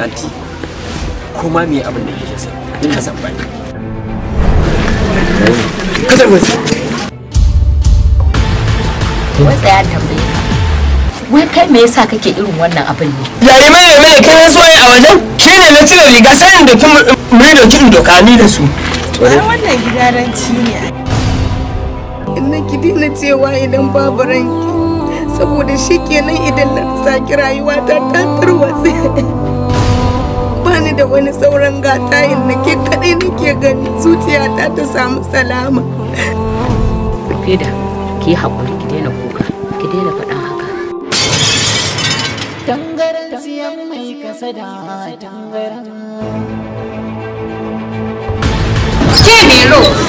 anti kuma me abin da kike so duka san bai kasar wasu wasa ya tambaye wai kai me yasa kake irin wannan abin ne yare mai yare mai kai so a wajen shi ne na cire riga sanin da kuma mai doki in doka ni da su wannan gidaranci ne in na ki dina cewa idan babu ranki saboda shi kenan idan na saki rayuwata ta tarwatse ba ni da wani sauran gata in nake kadai nake gani zuciyata ta samu salama fida ki haƙuri ki daina kuka ki daina faɗa haka tangaran siyan mai kasa da tangaran ke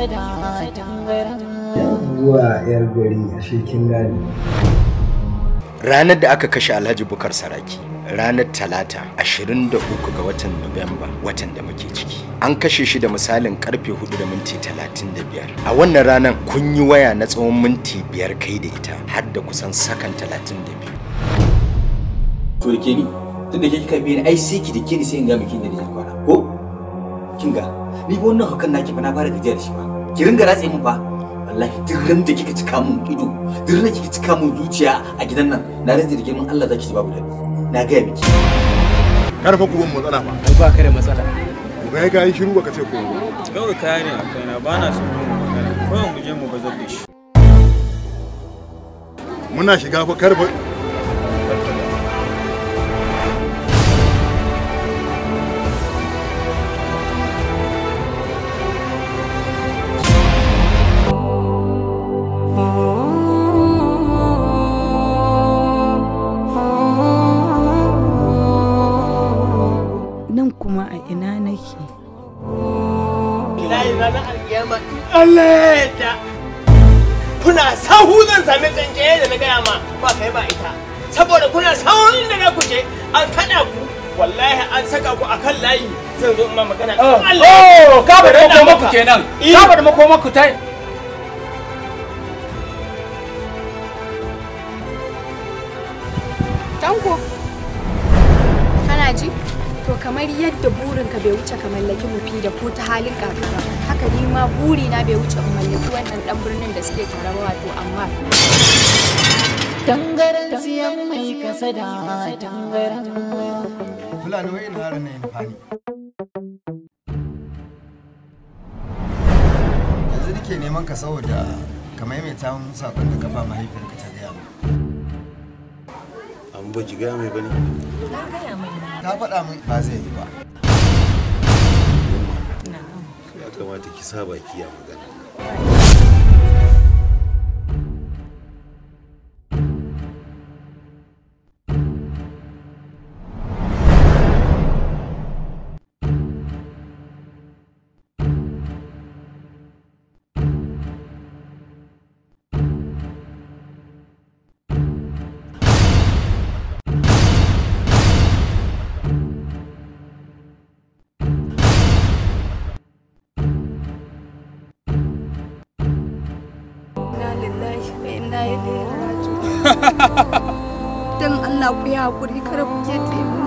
yar Ranar da aka kashe Alhaji Bukar Saraki ranar talata 23 ga watan Nuwamba watan da muke ciki. An kashe shi da misalin karfe 4 da minti 35. A wannan ranar kun yi waya na tsawon minti biyar kai da ita har da kusan sakan 32. To da ke ni, tun da ke kika biyar ai sai ki da ke ni sai in ga miki da ni kwana. Ko? Kin ga? ni ba wannan hakan naki ba na fara gajiya da shi ba ki ringa ratse min fa wallahi duk ran da kika cika min ido duk da kika cika min zuciya a gidan nan na rantsi da girman Allah zaki ji babu dadi na ga miki karfa ku ban matsala ba ai ba ka da matsala ku ga ga shiru baka ce ko kawai kaya ne a kaina ba na son mu magana kawai mu je mu bazar da shi muna shiga fa karfa Ilahi ranar alkiyama Allah Kuna sahu zan da na gaya ma ba kai ba ita. Saboda kuna sahun inda na kuce an ku wallahi an saka ku akan layi zan zo in ma magana. Oh, oh ka bada makomaku kenan. Eh. Ka bada makomaku ta Tanko, kana ji? to kamar yadda burinka bai wuce ka mallaki mufi da ko ta halin kaka haka ni ma burina bai wuce in mallaki wannan dan birnin da suke tare wato amma tangaren siyan mai kasa da tangaren fulani wai ina harin ne fani yanzu nake neman ka saboda ka maimaita mun sakon da ka ba mahaifiyarka ta gaya mu an ba jiga mai bane na gaya mai ta faɗa min ba zai yi ba ya kamata ki sa baki magana na yi da yarda don Allah ku yi haƙuri ku je